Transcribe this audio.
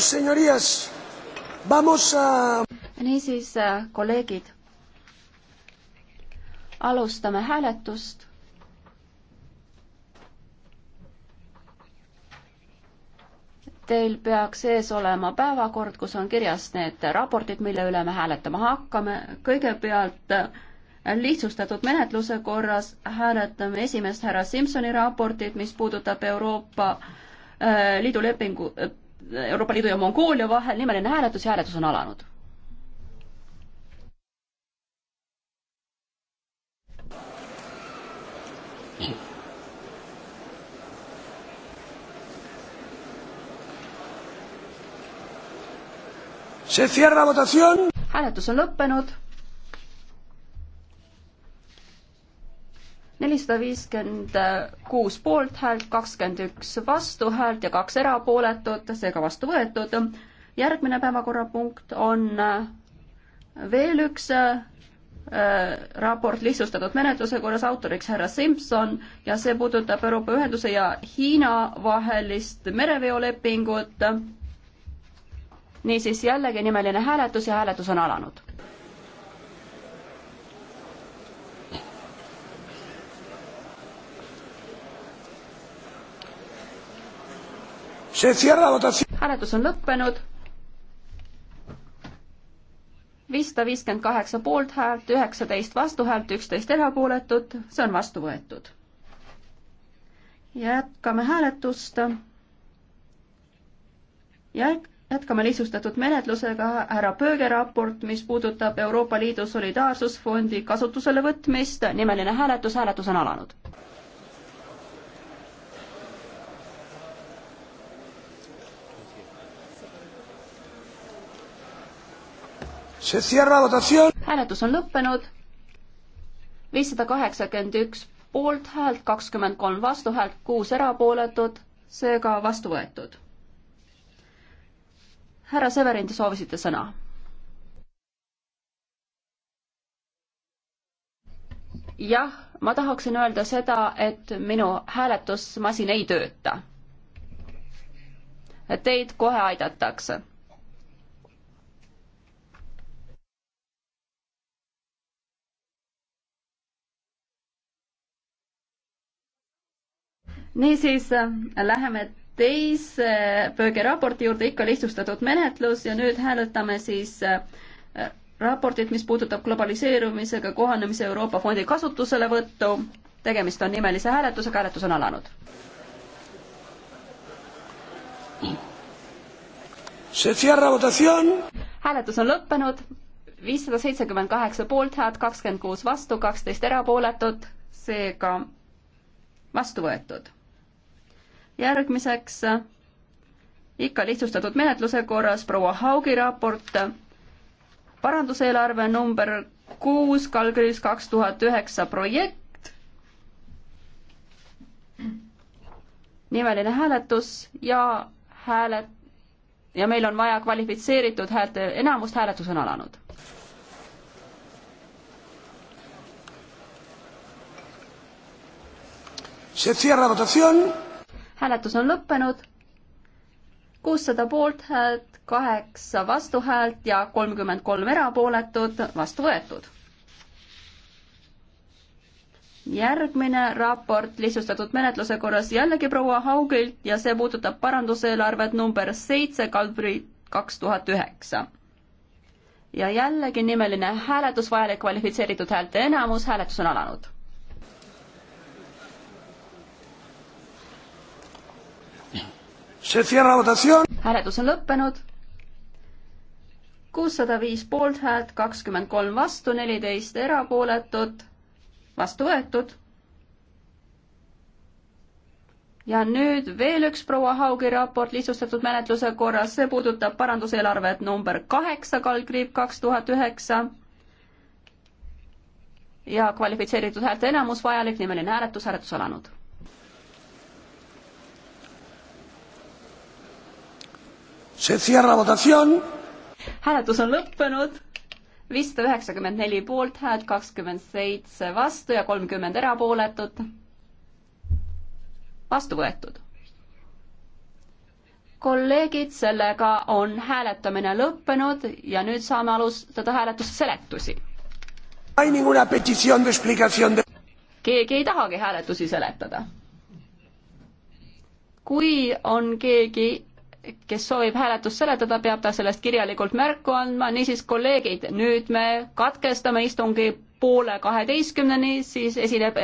Bueno, señorías, vamos a... niisiis, äh, kolleegid, alustame hääletust. Teil peaks ees olema päevakord, kus on kirjas need raportid, mille üle me hääletama hakkame. kõigepealt äh, lihtsustatud menetluse korras hääletame esimest härra Simsoni raportit, mis puudutab Euroopa äh, Liidu lepingu, Euroopa Liidu ja Mongoolia vahel, nimeline hääletus, hääletus on alanud. hääletus on lõppenud nelisada viiskümmend kuus poolthäält, kakskümmend üks vastuhäält ja kaks erapooletut, seega vastu võetud. järgmine päevakorrapunkt on äh, veel üks äh, raport lihtsustatud menetluse korras autoriks härra Simson ja see puudutab Euroopa Ühenduse ja Hiina vahelist mereveolepingut. niisiis jällegi nimeline hääletus ja hääletus on alanud. hääletus on lõppenud. viissada viiskümmend kaheksa poolthäält, üheksateist vastuhäält, üksteist erapooletut, see on vastu võetud. jätkame hääletust. jätkame lihtsustatud menetlusega härra Pööge raport, mis puudutab Euroopa Liidu solidaarsusfondi kasutusele võtmist. nimeline hääletus, hääletus on alanud. hääletus on lõppenud. viissada kaheksakümmend üks poolthäält, kakskümmend kolm vastuhäält, kuus erapooletut, seega vastu võetud. härra Severin, te soovisite sõna? jah, ma tahaksin öelda seda, et minu hääletusmasin ei tööta. Teid kohe aidatakse niisiis äh, läheme teise Böge raporti juurde, ikka lihtsustatud menetlus ja nüüd hääletame siis äh, raportit, mis puudutab globaliseerumisega kohanemise Euroopa Fondi kasutuselevõttu. tegemist on nimelise hääletusega, hääletus on alanud. hääletus on lõppenud, viissada seitsekümmend kaheksa poolthäält, kakskümmend kuus vastu, kaksteist erapooletut, seega vastu võetud järgmiseks ikka lihtsustatud menetluse korras proua Haugi raport, paranduseelarve number kuus, Kalgris kaks tuhat üheksa projekt. nimeline hääletus ja hääled ja meil on vaja kvalifitseeritud häälte enamust, hääletus on alanud. Se cierra votación hääletus on lõppenud. kuussada poolthäält, kaheksa vastuhäält ja kolmkümmend kolm erapooletut vastu võetud. järgmine raport lihtsustatud menetluse korras jällegi proua Haugilt ja see puudutab paranduseelarvet number seitse, Kalbri kaks tuhat üheksa ja jällegi nimeline hääletus, vajalik kvalifitseeritud häälte enamus, hääletus on alanud hääletus on lõppenud. kuussada viis poolthäält, kakskümmend kolm vastu, neliteist erapooletut, vastu võetud. ja nüüd veel üks proua Haugi raport lihtsustatud menetluse korras, see puudutab paranduseelarvet number kaheksa, kaldkriip kaks tuhat üheksa ja kvalifitseeritud häälte enamus vajalik, nimeline hääletus, hääletus alanud hääletus on lõppenud viissada üheksakümmend neli poolthäält, kakskümmend seitse vastu ja kolmkümmend erapooletut. vastu võetud. kolleegid, sellega on hääletamine lõppenud ja nüüd saame alustada hääletuse seletusi. keegi ei tahagi hääletusi seletada. kui on keegi kes soovib hääletust seletada, peab ta sellest kirjalikult märku andma, niisiis kolleegid, nüüd me katkestame istungi poole kaheteistkümneni, siis esineb